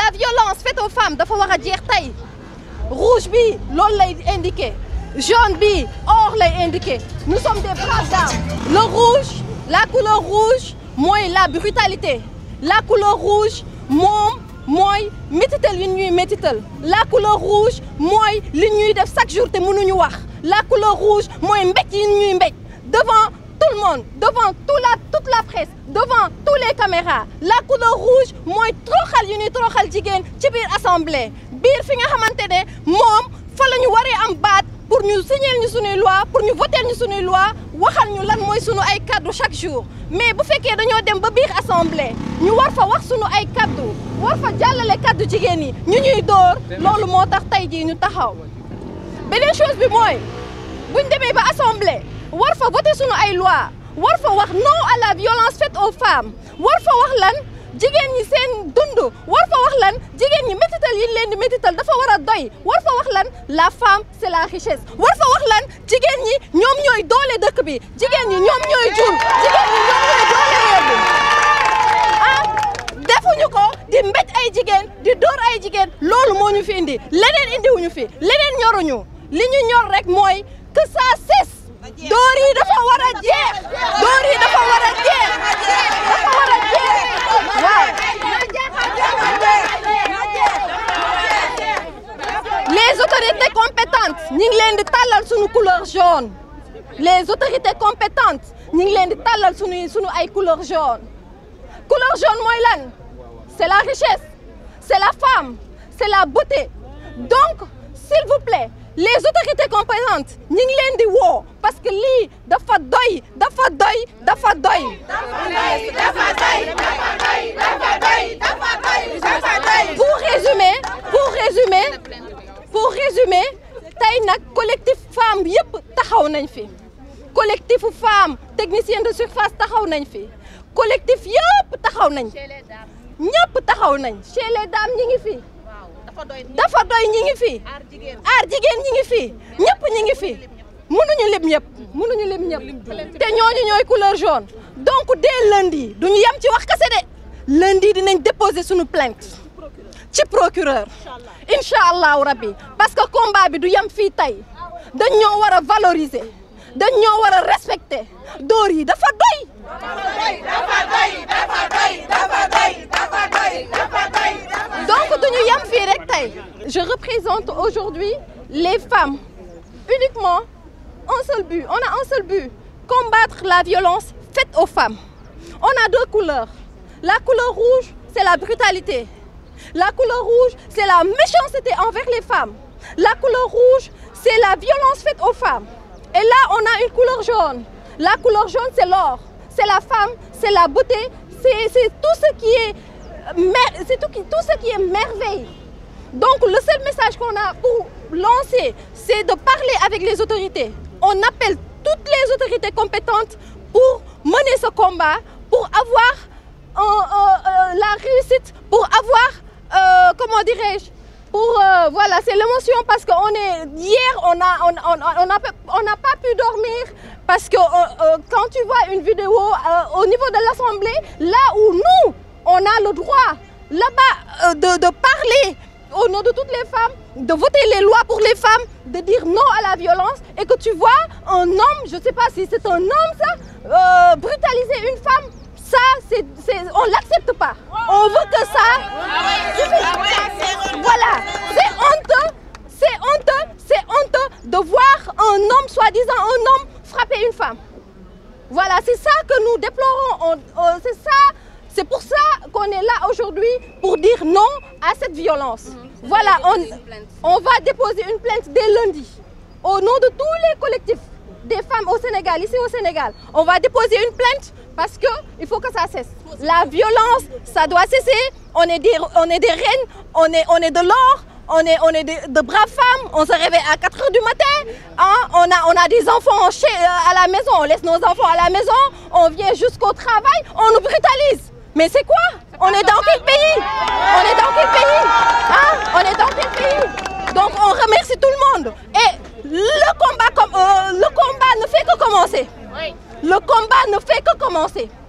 la violence faite aux femmes dafa war a jeex tey rouge bi loolu lay indiqué jaune bi or lay indiqué nous sommes des braves d'armes le rouge la couleur rouge mooy la brutalité la couleur rouge moom mooy métital yi ñuy métital la couleur rouge mooy li ñuy def chaque jour te mënuñu wax la couleur rouge mooy mbéj yi ñuy mbéj devant monde devant tout la toute la presse devant tous les caméras la couleur rouge mooy toroxal yu ñuy toroxal jigéen ci biir assemblée biir fi nga xamante ne moom fa ñu waree am baat pour ñu signer ñu suñuy loi pour ñu voter ñu suñuy loi waxal ñu lan mooy suñu ay kaddu chaque jour mais bu fekkee dañoo dem ba biir assemblée ñu war fa wax suñu ay kaddu war fa jàllale kaddu jigéen yi ñu ñuy dóor loolu moo tax tey jii ñu taxaw beneen chose bi mooy buñ demee ba assemblée war fa voté ay loi war fa wax non à la violence faite aux femmes war fa wax lan jigéen ñi seen dund war fa wax lan jigéen ñi métital yi leen di dafa war a doy war fa wax lan la femme c'est war fa wax lan jigéen ñi ñoom ñooy doole dëkk bi jigéen ñi ñoom ñooy jur jigéen ñi ñoom ñooy doole réew bi ah defuñu ko di mbéj ay jigéen di dóor ay jigéen loolu moo ñu fi indi leneen indiwuñu fi leneen ñoruñu li ñu ñor rek mooy que ça a les autorités compétentes ñi ngi leen di tàllal couleur jaune les autorités compétentes ñi ngi leen di tàllal couleur jaune couleur jaune mooy lan c'est la richesse c'est la femme c'est la beauté donc s'il vous plaît les autorités compétentes ñi ngi leen taxaw nañ fi collectifu femme technicien de surface taxaw nañ fi collectif yëpp taxaw nañ ñëpp taxaw nañ chez les dames ñi ngi fi dafa doy ñi ngi fi aar jigéen ñi ngi fi ñëpp ñi ngi fi mënuñu lim ñëpp mënuñu lim ñëpp te ñooñu ñooy couleur jaune donc dès lundi duñu yem ci wax kese de lundi dinañ déposer suñu plainte ci procureur incha allahu rabbi parce que combat bi du yem fii tey dañ ñoo war a valoriser dafa doy. dafa doy dafa doy dafa doy dafa doy dafa rek tey je représente aujourd'hui les femmes uniquement un seul but combattre la violence faite aux femmes on a deux couleurs la couleur rouge c'est la brutalité la couleur rouge c'est la méchanceté envers les femmes la couleur rouge c'est la violence faite aux femmes. Et là, on a une couleur jaune. La couleur jaune, c'est l'or, c'est la femme, c'est la beauté, c'est tout ce qui est c'est tout, tout ce qui est merveille. Donc le seul message qu'on a pour lancer, c'est de parler avec les autorités. On appelle toutes les autorités compétentes pour mener ce combat, pour avoir euh, euh, euh la réussite, pour avoir, euh, comment dirais-je, pour euh, voilà c'est l'émotion parce que on est hier on a on on on a on n'a pas pu dormir parce que euh, euh, quand tu vois une vidéo euh, au niveau de l'Assemblée là où nous on a le droit là-bas euh, de de parler au nom de toutes les femmes de voter les lois pour les femmes de dire non à la violence et que tu vois un homme je sais pas si c'est un homme ça euh, brutaliser une femme ça c'est c'est on l'accepte pas on veut que ça disant un homme frappait une femme. Voilà, c'est ça que nous déplorons. C'est ça, c'est pour ça qu'on est là aujourd'hui pour dire non à cette violence. Mmh, voilà, on, on va déposer une plainte dès lundi au nom de tous les collectifs des femmes au Sénégal, ici au Sénégal. On va déposer une plainte parce qu'il faut que ça cesse. La violence, ça doit cesser. On est des, on est des reines, on est, on est de l'or, on est, de, braves femmes, on se réveille à 4 heures du matin, on, a, des enfants euh, à la maison, on laisse nos enfants à la maison, on vient jusqu'au travail, on nous brutalise. Mais c'est quoi On est dans quel pays On est dans quel pays Donc on remercie tout le monde. Et Le combat euh, ne fait que commencer.